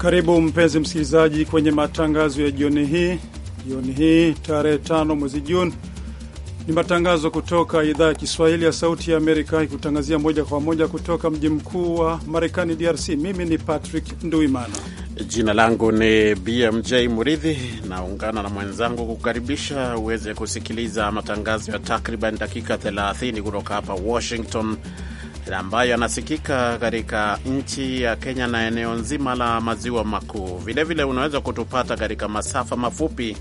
Karibu mpenzi msikilizaji kwenye matangazo ya jioni hii. Jioni hii tarehe tano mwezi Juni ni matangazo kutoka idhaa ya Kiswahili ya Sauti ya Amerika ikutangazia moja kwa moja kutoka mji mkuu wa Marekani, DRC. Mimi ni Patrick Nduimana, jina langu ni BMJ Muridhi. Naungana na mwenzangu kukaribisha uweze kusikiliza matangazo ya takriban dakika 30 kutoka hapa Washington ambayo yanasikika katika nchi ya Kenya na eneo nzima la maziwa makuu. Vilevile unaweza kutupata katika masafa mafupi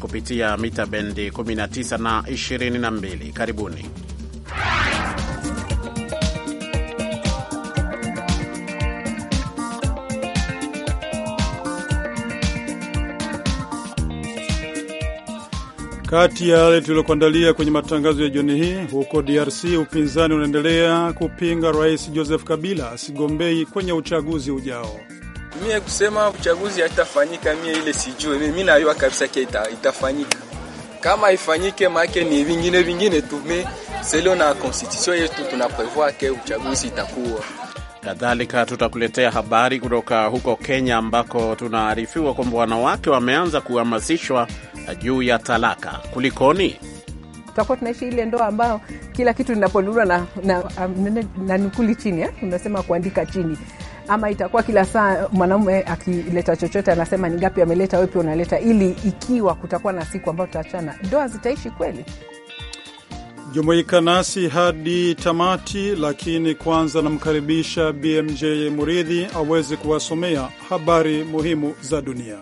kupitia mita bendi 19 na 22. Karibuni. Kati ya yale tuliyokuandalia kwenye matangazo ya jioni hii, huko DRC upinzani unaendelea kupinga Rais Joseph Kabila asigombei kwenye uchaguzi ujao. Mie kusema uchaguzi haitafanyika, mie ile sijue, mi nayua kabisa ke ita, itafanyika kama ifanyike make ni vingine vingine tume selio na yetu tunaprevoa ke uchaguzi itakuwa Kadhalika tutakuletea habari kutoka huko Kenya, ambako tunaarifiwa kwamba wanawake wameanza kuhamasishwa juu ya talaka. Kulikoni? tutakuwa tunaishi ile ndoa ambayo kila kitu linaponunua na, na, um, na, na nukuli chini eh? Unasema kuandika chini ama itakuwa kila saa mwanaume akileta chochote anasema ni ngapi ameleta, wepi unaleta, ili ikiwa kutakuwa na siku ambayo tutaachana, ndoa zitaishi kweli? Jumuika nasi hadi tamati, lakini kwanza namkaribisha BMJ Muridhi aweze kuwasomea habari muhimu za dunia.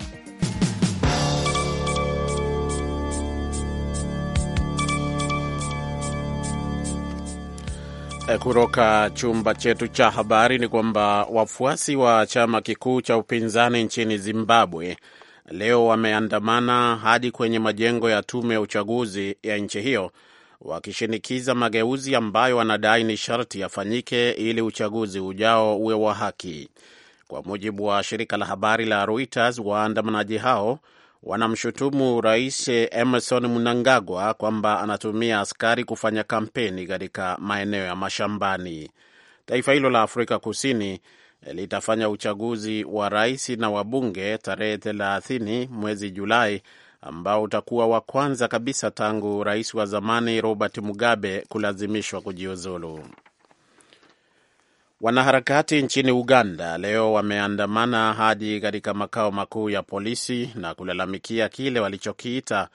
Eh, kutoka chumba chetu cha habari ni kwamba wafuasi wa chama kikuu cha upinzani nchini Zimbabwe leo wameandamana hadi kwenye majengo ya tume ya uchaguzi ya nchi hiyo wakishinikiza mageuzi ambayo wanadai ni sharti yafanyike ili uchaguzi ujao uwe wa haki. Kwa mujibu wa shirika la habari la Reuters, waandamanaji hao wanamshutumu Rais Emerson Mnangagwa kwamba anatumia askari kufanya kampeni katika maeneo ya mashambani. Taifa hilo la Afrika Kusini litafanya uchaguzi wa rais na wabunge tarehe 30 mwezi Julai ambao utakuwa wa kwanza kabisa tangu rais wa zamani Robert Mugabe kulazimishwa kujiuzulu. Wanaharakati nchini Uganda leo wameandamana hadi katika makao makuu ya polisi na kulalamikia kile walichokiita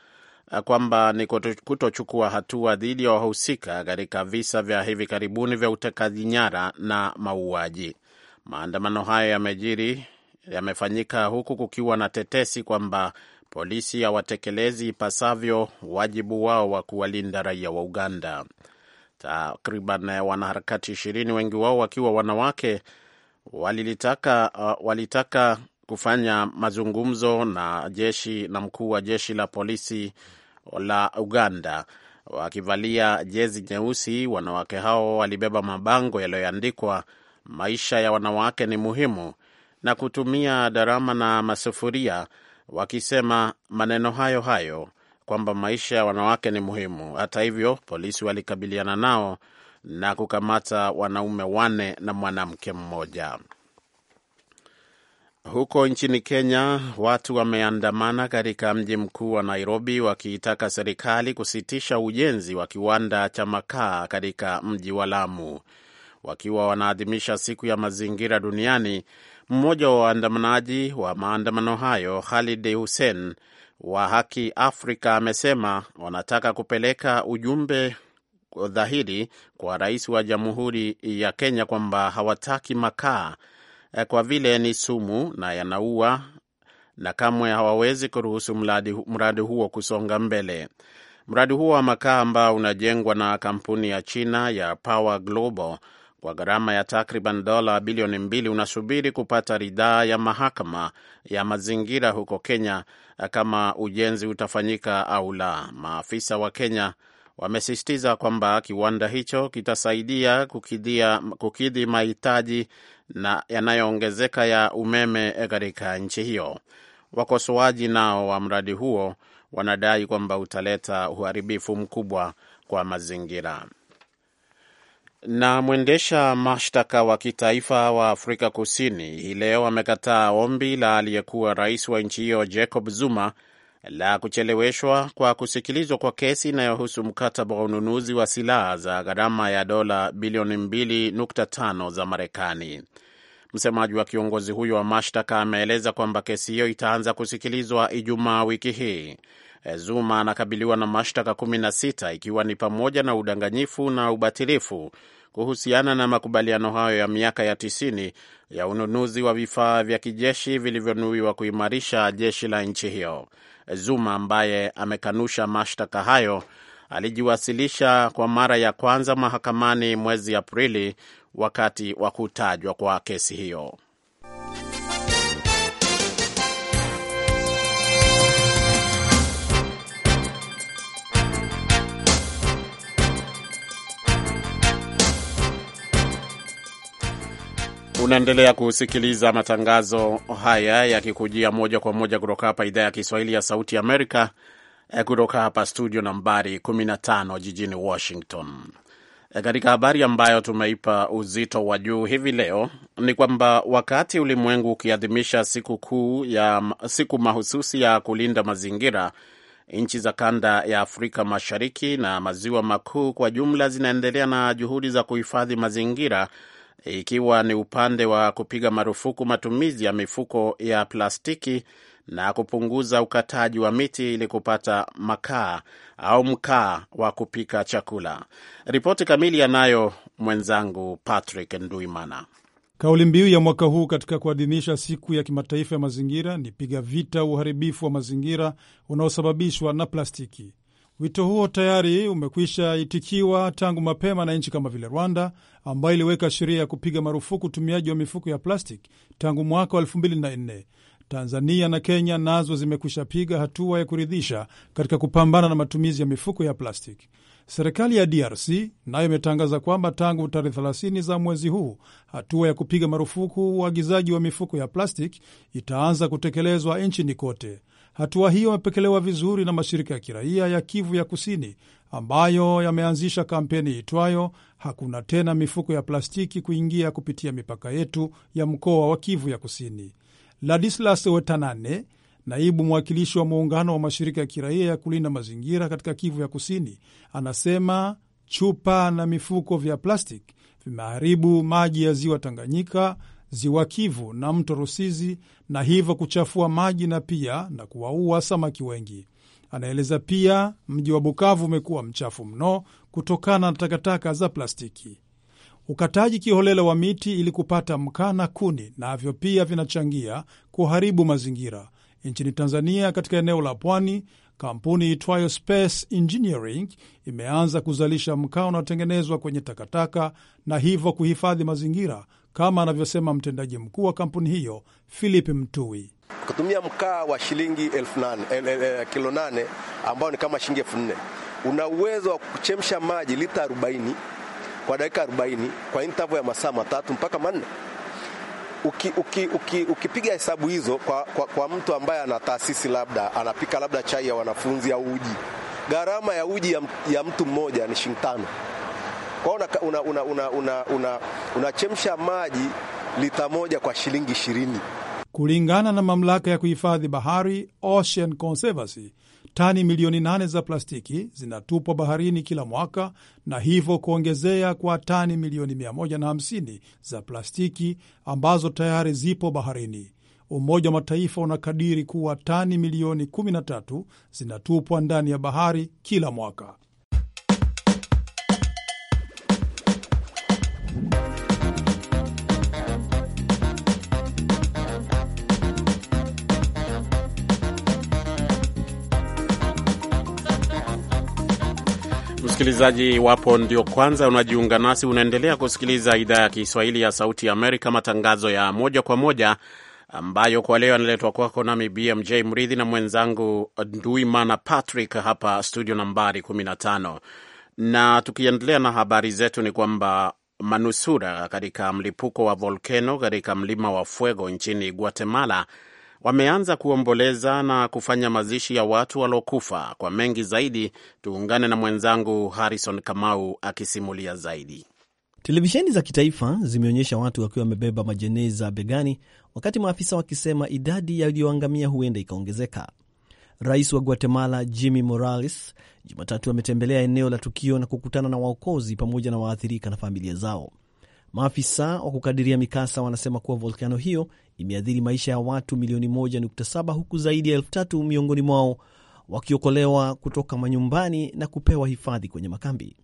kwamba ni kutochukua hatua dhidi ya wahusika katika visa vya hivi karibuni vya utekaji nyara na mauaji. Maandamano hayo yamejiri yamefanyika huku kukiwa na tetesi kwamba polisi hawatekelezi ipasavyo wajibu wao wa kuwalinda raia wa Uganda. Takriban wanaharakati ishirini, wengi wao wakiwa wanawake, walilitaka, uh, walitaka kufanya mazungumzo na jeshi na mkuu wa jeshi la polisi la Uganda. Wakivalia jezi nyeusi, wanawake hao walibeba mabango yaliyoandikwa maisha ya wanawake ni muhimu na kutumia darama na masufuria wakisema maneno hayo hayo kwamba maisha ya wanawake ni muhimu. Hata hivyo, polisi walikabiliana nao na kukamata wanaume wane na mwanamke mmoja. Huko nchini Kenya, watu wameandamana katika mji mkuu wa Nairobi wakiitaka serikali kusitisha ujenzi wa kiwanda cha makaa katika mji wa Lamu. Wakiwa wanaadhimisha siku ya mazingira duniani, mmoja wa waandamanaji wa maandamano hayo, Khalid Hussein wa Haki Afrika, amesema wanataka kupeleka ujumbe dhahiri kwa rais wa Jamhuri ya Kenya kwamba hawataki makaa eh, kwa vile ni sumu na yanaua na kamwe hawawezi kuruhusu mradi huo kusonga mbele. Mradi huo wa makaa ambao unajengwa na kampuni ya China ya Power Global kwa gharama ya takriban dola bilioni mbili unasubiri kupata ridhaa ya mahakama ya mazingira huko Kenya kama ujenzi utafanyika au la. Maafisa wa Kenya wamesisitiza kwamba kiwanda hicho kitasaidia kukidhia, kukidhi mahitaji na yanayoongezeka ya umeme katika nchi hiyo. Wakosoaji nao wa mradi huo wanadai kwamba utaleta uharibifu mkubwa kwa mazingira. Na mwendesha mashtaka wa kitaifa wa Afrika Kusini hii leo amekataa ombi la aliyekuwa rais wa nchi hiyo Jacob Zuma la kucheleweshwa kwa kusikilizwa kwa kesi inayohusu mkataba wa ununuzi wa silaha za gharama ya dola bilioni 2.5 za Marekani. Msemaji wa kiongozi huyo wa mashtaka ameeleza kwamba kesi hiyo itaanza kusikilizwa Ijumaa wiki hii. Eh, Zuma anakabiliwa na mashtaka kumi na sita ikiwa ni pamoja na udanganyifu na ubatilifu kuhusiana na makubaliano hayo ya miaka ya tisini ya ununuzi wa vifaa vya kijeshi vilivyonuiwa kuimarisha jeshi la nchi hiyo. Zuma ambaye amekanusha mashtaka hayo alijiwasilisha kwa mara ya kwanza mahakamani mwezi Aprili wakati wa kutajwa kwa kesi hiyo. Unaendelea kusikiliza matangazo haya yakikujia moja kwa moja kutoka hapa idhaa ya Kiswahili ya Sauti Amerika, eh, kutoka hapa studio nambari 15 jijini Washington. Eh, katika habari ambayo tumeipa uzito wa juu hivi leo ni kwamba wakati ulimwengu ukiadhimisha siku kuu ya siku mahususi ya kulinda mazingira, nchi za kanda ya Afrika Mashariki na Maziwa Makuu kwa jumla zinaendelea na juhudi za kuhifadhi mazingira ikiwa ni upande wa kupiga marufuku matumizi ya mifuko ya plastiki na kupunguza ukataji wa miti ili kupata makaa au mkaa wa kupika chakula. Ripoti kamili yanayo mwenzangu Patrick Nduimana. Kauli mbiu ya mwaka huu katika kuadhimisha siku ya kimataifa ya mazingira ni piga vita uharibifu wa mazingira unaosababishwa na plastiki. Wito huo tayari umekwisha itikiwa tangu mapema na nchi kama vile Rwanda ambayo iliweka sheria ya kupiga marufuku utumiaji wa mifuko ya plastic tangu mwaka wa 2004. Tanzania na Kenya nazo zimekwisha piga hatua ya kuridhisha katika kupambana na matumizi ya mifuko ya plastic Serikali ya DRC nayo imetangaza kwamba tangu tarehe 30 za mwezi huu hatua ya kupiga marufuku uagizaji wa mifuko ya plastic itaanza kutekelezwa nchini kote. Hatua hiyo imepokelewa vizuri na mashirika ya kiraia ya Kivu ya Kusini ambayo yameanzisha kampeni itwayo hakuna tena mifuko ya plastiki kuingia kupitia mipaka yetu ya mkoa wa Kivu ya Kusini. Ladislas Wetanane, naibu mwakilishi wa muungano wa mashirika ya kiraia ya kulinda mazingira katika Kivu ya Kusini, anasema chupa na mifuko vya plastiki vimeharibu maji ya ziwa Tanganyika ziwa Kivu na mto Rusizi na hivyo kuchafua maji na pia na kuwaua samaki wengi. Anaeleza pia mji wa Bukavu umekuwa mchafu mno kutokana na takataka za plastiki. Ukataji kiholela wa miti ili kupata mkaa na kuni navyo na pia vinachangia kuharibu mazingira. Nchini Tanzania, katika eneo la pwani, kampuni itwayo Space Engineering imeanza kuzalisha mkaa unaotengenezwa kwenye takataka na hivyo kuhifadhi mazingira kama anavyosema mtendaji mkuu wa kampuni hiyo Philip Mtui. kutumia mkaa wa shilingi elfu nane, el, eh, el, eh, el, eh, kilo nane ambao ni kama shilingi elfu nne una uwezo wa kuchemsha maji lita 40 kwa dakika 40 kwa intavo ya masaa matatu mpaka manne. Ukipiga uki, uki, uki hesabu hizo kwa, kwa, kwa mtu ambaye ana taasisi labda anapika labda chai ya wanafunzi au uji, gharama ya uji ya, ya mtu mmoja ni shilingi tano kwao unachemsha una, una, una, una, una maji lita moja kwa shilingi ishirini. Kulingana na mamlaka ya kuhifadhi bahari Ocean Conservancy, tani milioni nane za plastiki zinatupwa baharini kila mwaka na hivyo kuongezea kwa tani milioni 150 za plastiki ambazo tayari zipo baharini. Umoja wa Mataifa unakadiri kuwa tani milioni 13 zinatupwa ndani ya bahari kila mwaka. msikilizaji, iwapo ndio kwanza unajiunga nasi, unaendelea kusikiliza idhaa ya Kiswahili ya Sauti Amerika, matangazo ya moja kwa moja ambayo kwa leo analetwa kwako nami BMJ Mridhi na mwenzangu Nduimana Patrick hapa studio nambari 15. Na tukiendelea na habari zetu ni kwamba manusura katika mlipuko wa volkeno katika mlima wa Fuego nchini Guatemala wameanza kuomboleza na kufanya mazishi ya watu waliokufa. Kwa mengi zaidi, tuungane na mwenzangu Harrison Kamau akisimulia zaidi. Televisheni za kitaifa zimeonyesha watu wakiwa wamebeba majeneza begani, wakati maafisa wakisema idadi yaliyoangamia huenda ikaongezeka. Rais wa Guatemala Jimmy Morales Jumatatu ametembelea eneo la tukio na kukutana na waokozi pamoja na waathirika na familia zao. Maafisa wa kukadiria mikasa wanasema kuwa volkano hiyo imeathiri maisha ya watu milioni 1.7 huku zaidi ya elfu tatu miongoni mwao wakiokolewa kutoka manyumbani na kupewa hifadhi kwenye makambi.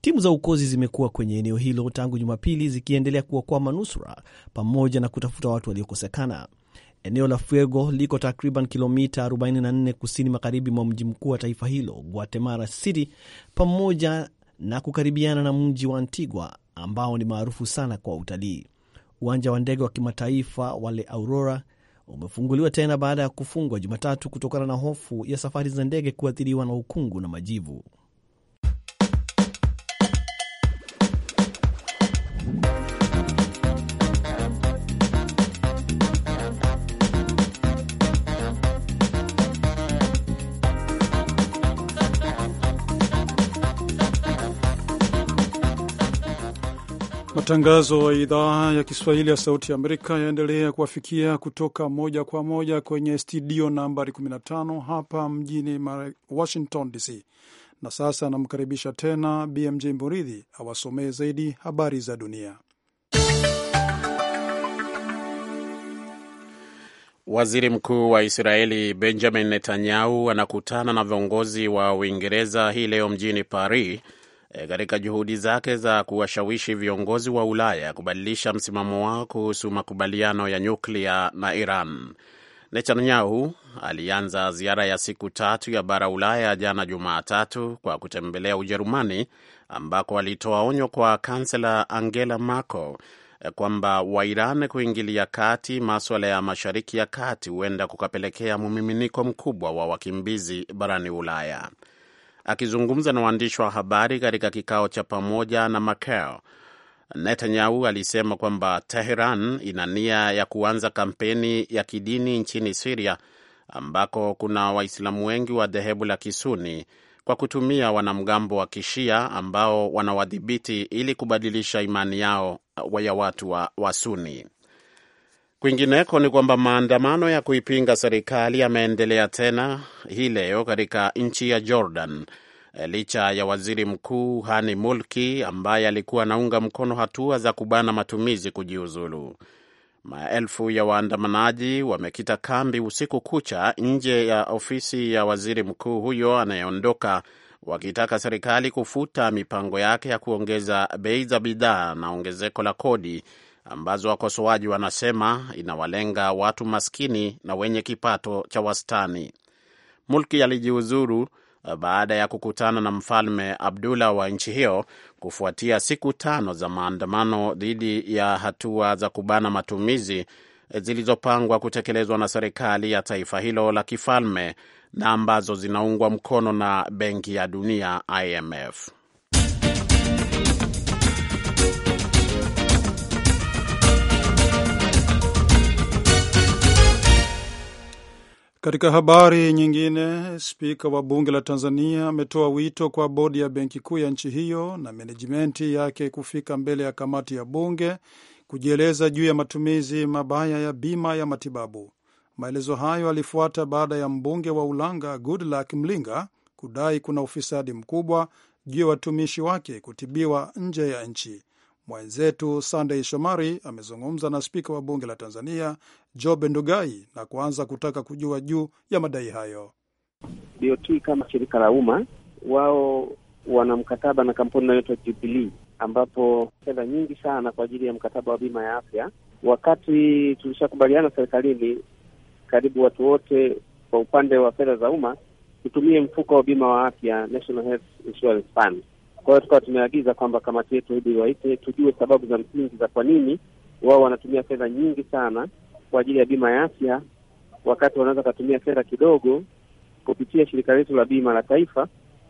Timu za ukozi zimekuwa kwenye eneo hilo tangu Jumapili zikiendelea kuokoa manusura pamoja na kutafuta watu waliokosekana. Eneo la Fuego liko takriban kilomita 44 kusini magharibi mwa mji mkuu wa taifa hilo Guatemala City, pamoja na kukaribiana na mji wa Antigua ambao ni maarufu sana kwa utalii. Uwanja wa ndege wa kimataifa wa Aurora umefunguliwa tena baada ya kufungwa Jumatatu kutokana na hofu ya safari za ndege kuathiriwa na ukungu na majivu. Matangazo ya idhaa ya Kiswahili ya Sauti ya Amerika yaendelea kuwafikia kutoka moja kwa moja kwenye studio nambari 15 hapa mjini Washington DC. Na sasa anamkaribisha tena BMJ muridhi awasomee zaidi habari za dunia. Waziri Mkuu wa Israeli Benjamin Netanyahu anakutana na viongozi wa Uingereza hii leo mjini Paris E, katika juhudi zake za kuwashawishi viongozi wa Ulaya kubadilisha msimamo wao kuhusu makubaliano ya nyuklia na Iran. Netanyahu alianza ziara ya siku tatu ya bara Ulaya jana Jumatatu kwa kutembelea Ujerumani, ambako alitoa onyo kwa kansela Angela Merkel e, kwamba wairan kuingilia kati maswala ya Mashariki ya Kati huenda kukapelekea mumiminiko mkubwa wa wakimbizi barani Ulaya. Akizungumza na waandishi wa habari katika kikao cha pamoja na macao Netanyahu alisema kwamba Teheran ina nia ya kuanza kampeni ya kidini nchini Siria ambako kuna Waislamu wengi wa dhehebu la Kisuni kwa kutumia wanamgambo wa Kishia ambao wanawadhibiti ili kubadilisha imani yao ya watu wa, wa Suni. Kwingineko ni kwamba maandamano ya kuipinga serikali yameendelea tena hii leo katika nchi ya Jordan eh, licha ya waziri mkuu Hani Mulki ambaye alikuwa anaunga mkono hatua za kubana matumizi kujiuzulu. Maelfu ya waandamanaji wamekita kambi usiku kucha nje ya ofisi ya waziri mkuu huyo anayeondoka, wakitaka serikali kufuta mipango yake ya kuongeza bei za bidhaa na ongezeko la kodi ambazo wakosoaji wanasema inawalenga watu maskini na wenye kipato cha wastani. Mulki alijiuzuru eh, baada ya kukutana na mfalme Abdullah wa nchi hiyo kufuatia siku tano za maandamano dhidi ya hatua za kubana matumizi eh, zilizopangwa kutekelezwa na serikali ya taifa hilo la kifalme na ambazo zinaungwa mkono na Benki ya Dunia IMF. Katika habari nyingine, spika wa bunge la Tanzania ametoa wito kwa bodi ya benki kuu ya nchi hiyo na menejimenti yake kufika mbele ya kamati ya bunge kujieleza juu ya matumizi mabaya ya bima ya matibabu. Maelezo hayo alifuata baada ya mbunge wa Ulanga Goodluck Mlinga kudai kuna ufisadi mkubwa juu ya watumishi wake kutibiwa nje ya nchi. Mwenzetu sandey Shomari amezungumza na spika wa bunge la Tanzania Job Ndugai na kuanza kutaka kujua juu ya madai hayo. BOT kama shirika la umma, wao wana mkataba na kampuni inayoitwa Jubilee, ambapo fedha nyingi sana kwa ajili ya mkataba wa bima ya afya. Wakati tulishakubaliana serikalini, karibu watu wote kwa upande wa fedha za umma tutumie mfuko wa bima wa afya, National Health Insurance Fund kwa hiyo tukawa tumeagiza kwamba kamati yetu hebu iwaite, tujue sababu za msingi za kwa nini wao wanatumia fedha nyingi sana kwa ajili ya bima ya afya, wakati wanaweza wakatumia fedha kidogo kupitia shirika letu la bima la taifa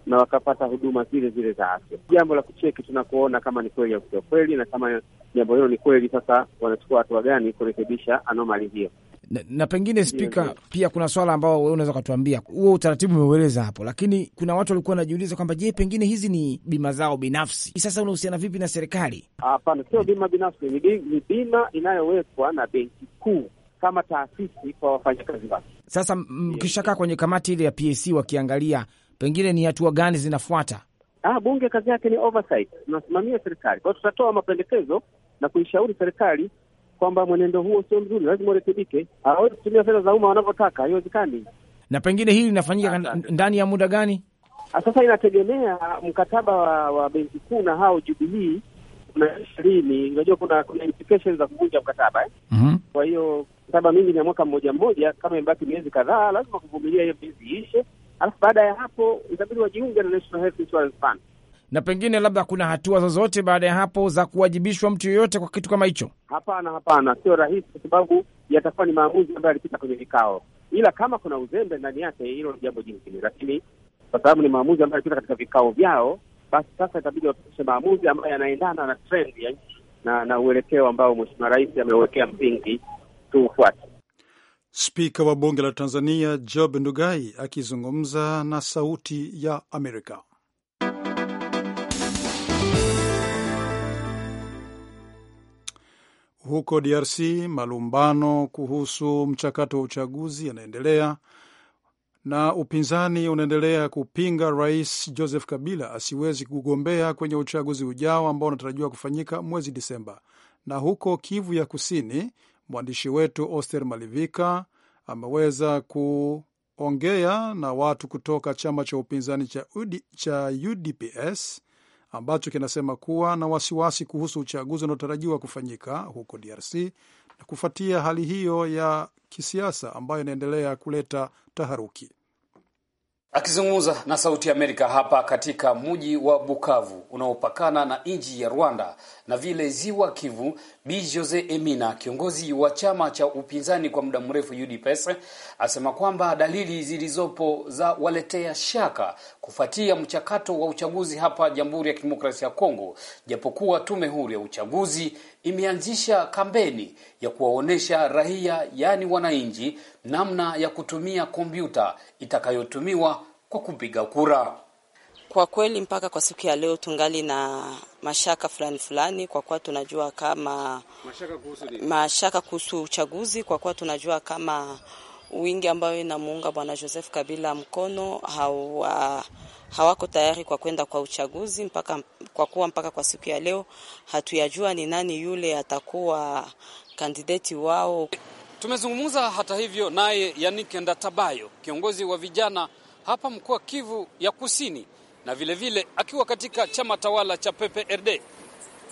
na wakapata huduma zile zile za afya. Jambo la kucheki, tunakuona kama ni kweli au sio kweli, na kama jambo hilo ni kweli, sasa wanachukua hatua gani kurekebisha anomali hiyo na, na pengine spika, yes, yes. Pia kuna swala ambao wewe unaweza ukatuambia, huo utaratibu umeueleza hapo, lakini kuna watu walikuwa wanajiuliza kwamba je, pengine hizi ni bima zao binafsi, sasa unahusiana vipi na serikali? Hapana, sio bima binafsi, ni bima inayowekwa na benki kuu kama taasisi kwa wafanyakazi wake. Sasa mkishakaa kwenye kamati ile ya PAC wakiangalia pengine ni hatua gani zinafuata? Ah, bunge kazi yake ni oversight, tunasimamia serikali hiyo tutatoa mapendekezo na kuishauri serikali kwamba mwenendo huo sio mzuri, lazima urekebike. Hawawezi kutumia fedha za umma wanavyotaka, haiwezekani. Na pengine hili linafanyika ndani ya muda gani? Ah, sasa inategemea mkataba wa, wa benki kuu na hao Jubilii unaisha lini. Unajua kuna kuna implications za kuvunja mkataba eh? mm -hmm. Kwa hiyo mkataba mingi ni ya mwaka mmoja mmoja, kama imebaki miezi kadhaa, lazima kuvumilia hiyo miezi iishe, alafu baada ya hapo itabidi wajiunge na National Health Insurance Fund na pengine labda kuna hatua zozote baada ya hapo za kuwajibishwa mtu yoyote kwa kitu kama hicho? Hapana, hapana, sio rahisi, kwa sababu yatakuwa ni maamuzi ambayo yalipita kwenye vikao, ila kama kuna uzembe ndani yake, hilo ni jambo jingine, lakini kwa sababu ni maamuzi ambayo yalipita katika vikao vyao, basi sasa itabidi wapitishe maamuzi ambayo yanaendana na trend ya nchi na na uelekeo ambao mheshimiwa rais amewekea msingi tuufuate. Spika wa bunge la Tanzania Job Ndugai akizungumza na Sauti ya Amerika. Huko DRC malumbano kuhusu mchakato wa uchaguzi yanaendelea na upinzani unaendelea kupinga Rais Joseph Kabila asiwezi kugombea kwenye uchaguzi ujao ambao unatarajiwa kufanyika mwezi Disemba. Na huko Kivu ya Kusini, mwandishi wetu Oster Malivika ameweza kuongea na watu kutoka chama cha upinzani cha UDPS ambacho kinasema kuwa na wasiwasi kuhusu uchaguzi unaotarajiwa kufanyika huko DRC na kufuatia hali hiyo ya kisiasa ambayo inaendelea kuleta taharuki. Akizungumza na Sauti ya Amerika hapa katika mji wa Bukavu unaopakana na nchi ya Rwanda na vile ziwa Kivu, Bi Jose Emina, kiongozi wa chama cha upinzani kwa muda mrefu UDPS, asema kwamba dalili zilizopo za waletea shaka kufuatia mchakato wa uchaguzi hapa Jamhuri ya Kidemokrasia ya Kongo, japokuwa tume huru ya uchaguzi imeanzisha kampeni ya kuwaonesha raia, yaani wananchi, namna ya kutumia kompyuta itakayotumiwa kwa kupiga kura. Kwa kweli mpaka kwa siku ya leo tungali na mashaka fulani fulani, kwa kuwa tunajua kama mashaka kuhusu uchaguzi, kwa kuwa tunajua kama wingi ambayo inamuunga bwana Joseph Kabila mkono hawa, hawako tayari kwa kwenda kwa uchaguzi mpaka, kwa kuwa mpaka kwa siku ya leo hatuyajua ni nani yule atakuwa kandideti wao. Tumezungumza hata hivyo naye Yannick Ndatabayo, kiongozi wa vijana hapa mkoa Kivu ya Kusini na vilevile vile, akiwa katika chama tawala cha PPRD,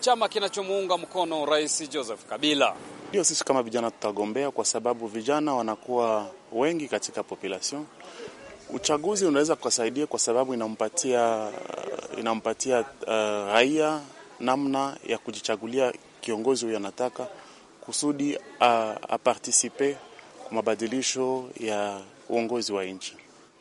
chama kinachomuunga mkono Rais Joseph Kabila. Ndio sisi kama vijana tutagombea, kwa sababu vijana wanakuwa wengi katika population. Uchaguzi unaweza kusaidia kwa sababu inampatia inampatia uh, raia namna ya kujichagulia kiongozi huyo anataka kusudi uh, apartisipe kwa mabadilisho ya uongozi wa nchi.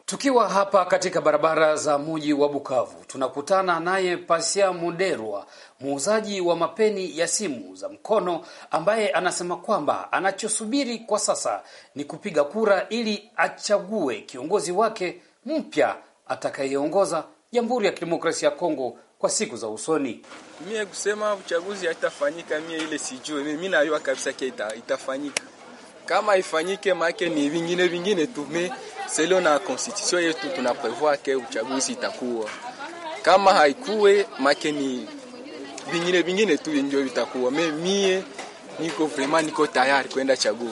Tukiwa hapa katika barabara za mji wa Bukavu, tunakutana naye Pasia Muderwa, muuzaji wa mapeni ya simu za mkono, ambaye anasema kwamba anachosubiri kwa sasa ni kupiga kura ili achague kiongozi wake mpya atakayeongoza Jamhuri ya Kidemokrasia ya Kongo kwa siku za usoni. Mie kusema uchaguzi haitafanyika, mie ile sijue, mimi najua kabisa ita, itafanyika kama ifanyike make ni vingine vingine tu, me na constitution yetu tunaprevoa ke uchaguzi itakuwa kama haikuwe make ni vingine vingine tu ndio vitakuwa. Me mie niko vraiment niko tayari kwenda chaguo.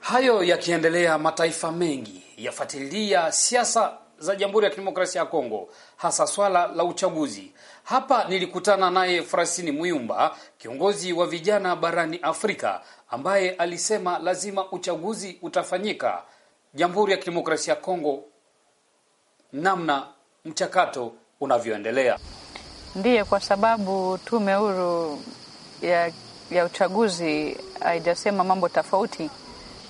Hayo yakiendelea, mataifa mengi yafuatilia siasa za Jamhuri ya Kidemokrasia ya Kongo, hasa swala la uchaguzi. Hapa nilikutana naye Frasini Muyumba, kiongozi wa vijana barani Afrika, ambaye alisema lazima uchaguzi utafanyika Jamhuri ya Kidemokrasia ya Kongo namna mchakato unavyoendelea. ndiye kwa sababu tume huru ya, ya uchaguzi haijasema mambo tofauti.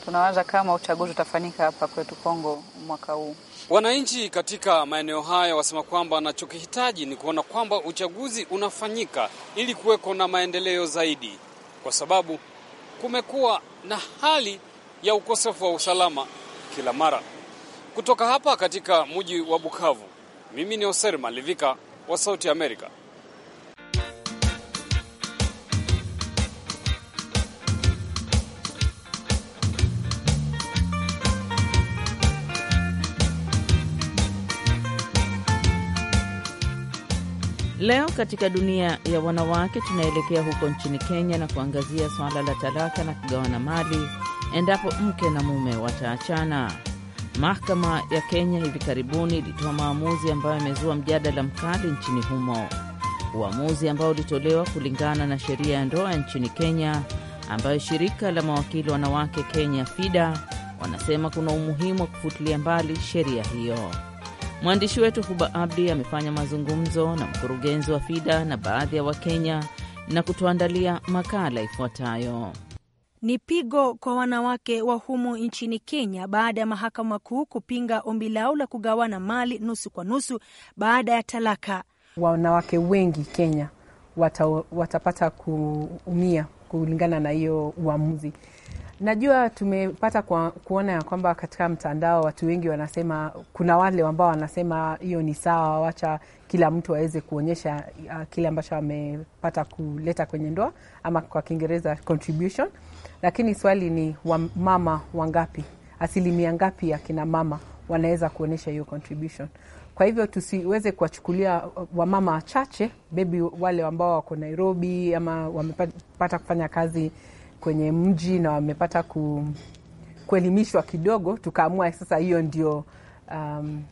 Tunawaza kama uchaguzi utafanyika hapa kwetu Kongo mwaka huu. Wananchi katika maeneo haya wasema kwamba wanachokihitaji ni kuona kwamba uchaguzi unafanyika ili kuweko na maendeleo zaidi, kwa sababu kumekuwa na hali ya ukosefu wa usalama kila mara. Kutoka hapa katika mji wa Bukavu, mimi ni hoser Malivika wa Sauti Amerika. Leo katika dunia ya wanawake, tunaelekea huko nchini Kenya na kuangazia swala la talaka na kugawana mali endapo mke na mume wataachana. Mahakama ya Kenya hivi karibuni ilitoa maamuzi ambayo yamezua mjadala mkali nchini humo, uamuzi ambao ulitolewa kulingana na sheria ya ndoa nchini Kenya ambayo shirika la mawakili wanawake Kenya FIDA wanasema kuna umuhimu wa kufutilia mbali sheria hiyo. Mwandishi wetu Huba Abdi amefanya mazungumzo na mkurugenzi wa FIDA na baadhi ya Wakenya na kutuandalia makala ifuatayo. Ni pigo kwa wanawake wa humu nchini Kenya baada ya mahakama kuu kupinga ombi lao la kugawana mali nusu kwa nusu baada ya talaka. Wanawake wengi Kenya wata, watapata kuumia kulingana na hiyo uamuzi. Najua tumepata kwa, kuona ya kwamba katika mtandao watu wengi wanasema, kuna wale ambao wanasema hiyo ni sawa, wacha kila mtu aweze kuonyesha uh, kile ambacho amepata kuleta kwenye ndoa ama kwa Kiingereza contribution, lakini swali ni wamama wangapi, asilimia ngapi ya kina mama wanaweza kuonyesha hiyo contribution? Kwa hivyo tusiweze kuwachukulia uh, wamama wachache bebi, wale ambao wako Nairobi ama wamepata kufanya kazi kwenye mji na wamepata ku, kuelimishwa kidogo, tukaamua sasa hiyo ndio um,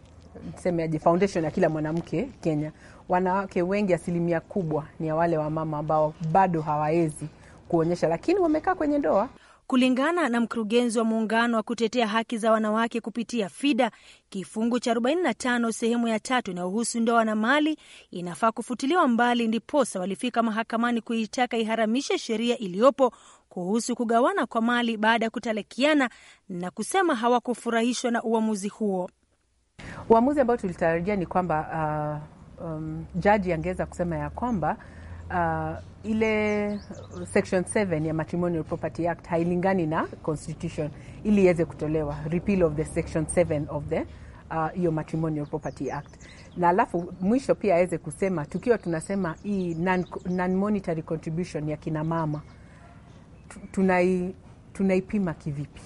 semeaje foundation ya kila mwanamke Kenya. Wanawake wengi asilimia kubwa ni ya wale wamama ambao bado hawawezi kuonyesha, lakini wamekaa kwenye ndoa. Kulingana na mkurugenzi wa muungano wa kutetea haki za wanawake kupitia FIDA, kifungu cha 45 sehemu ya tatu inayohusu ndoa na mali inafaa kufutiliwa mbali, ndiposa walifika mahakamani kuitaka iharamishe sheria iliyopo kuhusu kugawana kwa mali baada ya kutalekiana na kusema hawakufurahishwa na uamuzi huo. Uamuzi ambao tulitarajia ni kwamba uh, um, jaji angeweza kusema ya kwamba uh, ile section 7 ya Matrimonial Property Act hailingani na constitution ili iweze kutolewa repeal of the section 7 of the uh, hiyo uh, Matrimonial Property Act na alafu mwisho pia aweze kusema tukiwa tunasema hii non, non monetary contribution ya kinamama tunai, tunaipima kivipi?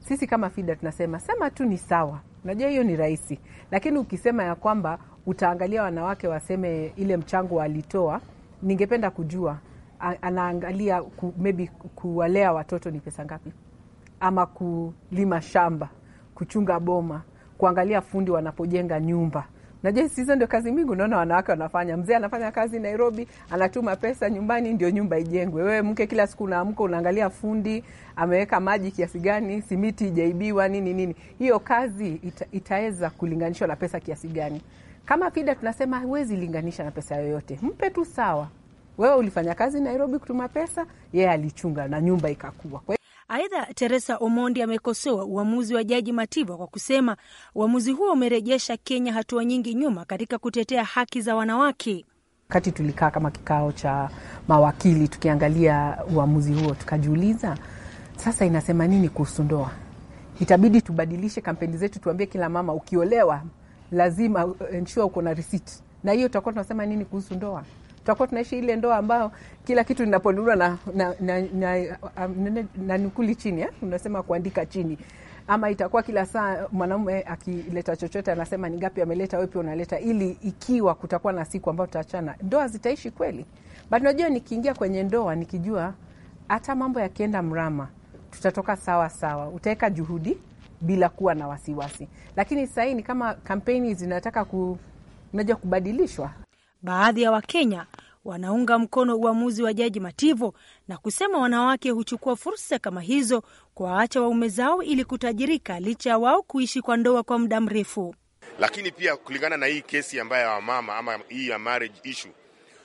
Sisi kama FIDA tunasema sema tu ni sawa, najua hiyo ni rahisi, lakini ukisema ya kwamba utaangalia wanawake waseme ile mchango walitoa, ningependa kujua anaangalia ku, maybe kuwalea watoto ni pesa ngapi, ama kulima shamba, kuchunga boma, kuangalia fundi wanapojenga nyumba Najua hizo ndio kazi mingi unaona wanawake wanafanya. Mzee anafanya kazi Nairobi, anatuma pesa nyumbani ndio nyumba ijengwe. Wewe mke kila siku unaamka unaangalia fundi ameweka maji kiasi gani, simiti ijaibiwa nini nini. Hiyo kazi ita, itaweza kulinganishwa na pesa kiasi gani? Kama FIDA tunasema huwezi linganisha na pesa yoyote. Mpe tu sawa. Wewe ulifanya kazi Nairobi kutuma pesa, yeye alichunga na nyumba ikakua. Aidha, Teresa Omondi amekosoa uamuzi wa Jaji Mativa kwa kusema uamuzi huo umerejesha Kenya hatua nyingi nyuma katika kutetea haki za wanawake. Wakati tulikaa kama kikao cha mawakili tukiangalia uamuzi huo, tukajiuliza sasa inasema nini kuhusu ndoa? Itabidi tubadilishe kampeni zetu, tuambie kila mama ukiolewa lazima ensure uko na risiti. Na hiyo tutakuwa tunasema nini kuhusu ndoa? tutakuwa tunaishi ile ndoa ambayo kila kitu inapondurwa na, na, na, na, um, na, na, na nukuli chini eh? Unasema kuandika chini ama itakuwa kila saa mwanaume akileta chochote anasema ni ngapi ameleta, wewe pia unaleta, ili ikiwa kutakuwa na siku ambayo tutaachana, ndoa zitaishi kweli? Bado najua nikiingia kwenye ndoa nikijua hata mambo yakienda mrama tutatoka sawa sawa, utaweka juhudi bila kuwa na wasiwasi. Lakini sasa hii ni kama kampeni zinataka ku unajua kubadilishwa Baadhi ya Wakenya wanaunga mkono uamuzi wa Jaji Mativo na kusema wanawake huchukua fursa kama hizo kuwaacha waume zao ili kutajirika licha ya wao kuishi kwa ndoa kwa muda mrefu. Lakini pia kulingana na hii kesi ambayo ya wamama ama hii ya marriage issue,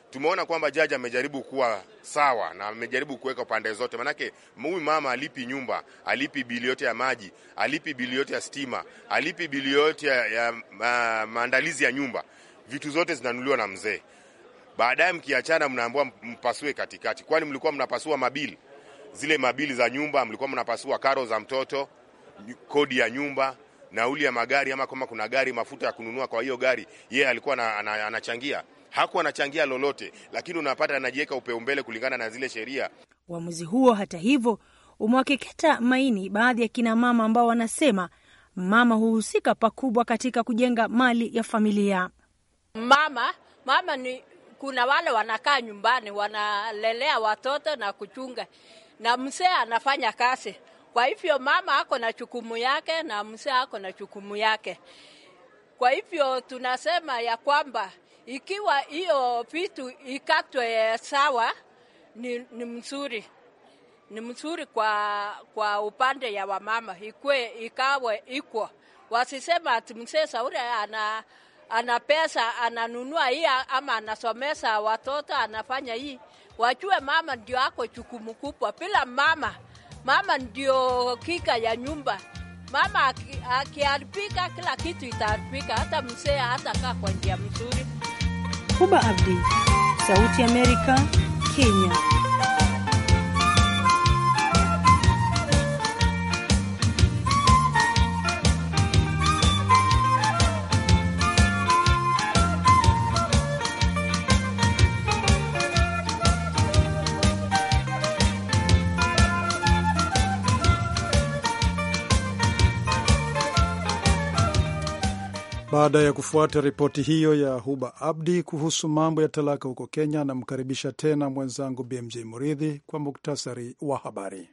tumeona kwamba jaji amejaribu kuwa sawa na amejaribu kuweka pande zote, manake huyu mama alipi nyumba, alipi bili yote ya maji, alipi bili yote ya stima, alipi bili yote ya, ya, ya maandalizi ya nyumba vitu zote zinanuliwa na mzee. Baadaye mkiachana, mnaambiwa mpasue katikati, kwani mlikuwa mnapasua mabili zile mabili za nyumba, mlikuwa mnapasua karo za mtoto, kodi ya nyumba, nauli ya magari, ama kama kuna gari, mafuta ya kununua kwa hiyo gari. Yeye alikuwa anachangia? Hakuwa anachangia lolote, lakini unapata anajiweka mbele kulingana na zile sheria. Uamuzi huo hata hivyo umewakeketa maini baadhi ya kina mama ambao wanasema mama huhusika pakubwa katika kujenga mali ya familia. Mama mama ni kuna wale wanakaa nyumbani wanalelea watoto na kuchunga, na mzee anafanya kazi. Kwa hivyo mama ako na chukumu yake na mzee ako na chukumu yake. Kwa hivyo tunasema ya kwamba ikiwa hiyo vitu ikatwe sawa, ni, ni mzuri ni mzuri kwa, kwa upande ya wamama ikwe ikawe ikwa, wasisema ati mzee Sauri ana ana pesa ananunua hii ama anasomesa watoto anafanya hii, wajue mama ndio ako chukumu kubwa. Bila mama, mama ndio kika ya nyumba. Mama akiharibika, kila kitu itaharibika, hata mzee hata kaa kwa njia mzuri. Huba Abdi, Sauti ya Amerika, Kenya. Baada ya kufuata ripoti hiyo ya Huba Abdi kuhusu mambo ya talaka huko Kenya, anamkaribisha tena mwenzangu BMJ Muridhi kwa muktasari wa habari.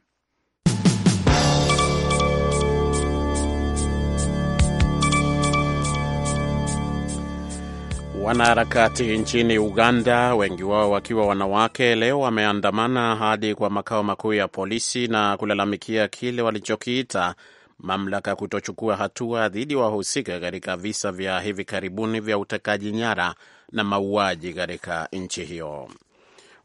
Wanaharakati nchini Uganda, wengi wao wakiwa wanawake, leo wameandamana hadi kwa makao makuu ya polisi na kulalamikia kile walichokiita mamlaka kutochukua hatua dhidi ya wahusika katika visa vya hivi karibuni vya utekaji nyara na mauaji katika nchi hiyo.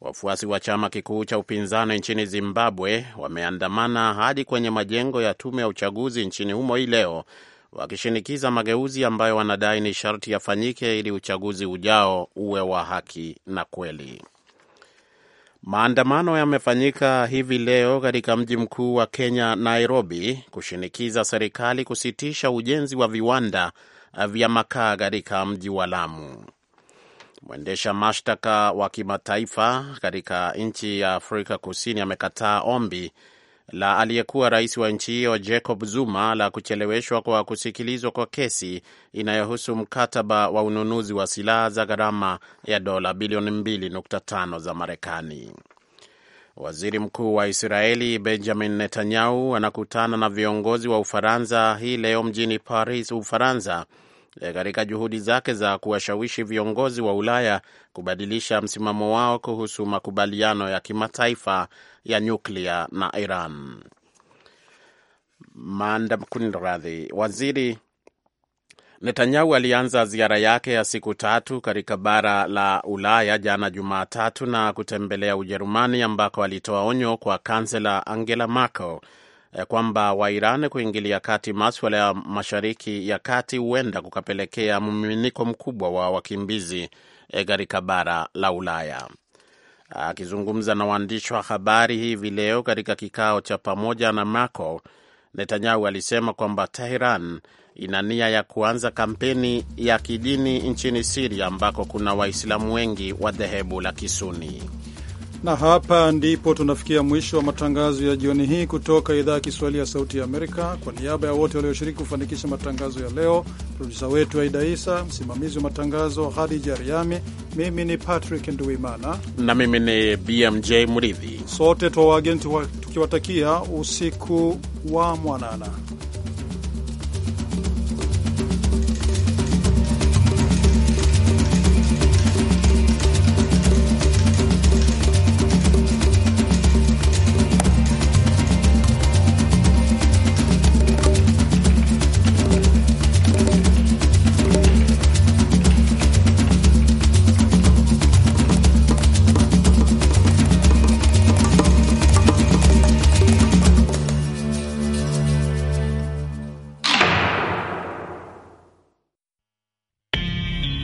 Wafuasi wa chama kikuu cha upinzani nchini Zimbabwe wameandamana hadi kwenye majengo ya tume ya uchaguzi nchini humo hii leo wakishinikiza mageuzi ambayo wanadai ni sharti yafanyike ili uchaguzi ujao uwe wa haki na kweli. Maandamano yamefanyika hivi leo katika mji mkuu wa Kenya, Nairobi, kushinikiza serikali kusitisha ujenzi wa viwanda vya makaa katika mji wa Lamu. Mwendesha mashtaka wa kimataifa katika nchi ya Afrika Kusini amekataa ombi la aliyekuwa rais wa nchi hiyo Jacob Zuma la kucheleweshwa kwa kusikilizwa kwa kesi inayohusu mkataba wa ununuzi wa silaha za gharama ya dola bilioni 2.5 za Marekani. Waziri Mkuu wa Israeli Benjamin Netanyahu anakutana na viongozi wa Ufaransa hii leo mjini Paris, Ufaransa Eh, katika juhudi zake za kuwashawishi viongozi wa Ulaya kubadilisha msimamo wao kuhusu makubaliano ya kimataifa ya nyuklia na Iran. Maandamkunradhi waziri Netanyahu alianza ziara yake ya siku tatu katika bara la Ulaya jana Jumatatu na kutembelea Ujerumani ambako alitoa onyo kwa kansela Angela Merkel Eh, kwamba Wairan kuingilia kati maswala ya Mashariki ya Kati huenda kukapelekea mmiminiko mkubwa wa wakimbizi eh, katika bara la Ulaya. Akizungumza na waandishi wa habari hivi leo katika kikao cha pamoja na maco Netanyahu alisema kwamba Tehran ina nia ya kuanza kampeni ya kidini nchini Siria ambako kuna Waislamu wengi wa dhehebu la Kisuni. Na hapa ndipo tunafikia mwisho wa matangazo ya jioni hii kutoka idhaa ya Kiswahili ya Sauti ya Amerika. Kwa niaba ya wote walioshiriki kufanikisha matangazo ya leo, produsa wetu Aida Isa, msimamizi wa matangazo Hadija Riami, mimi ni Patrick Nduimana na mimi ni BMJ Mridhi, sote twa wageni tukiwatakia usiku wa mwanana.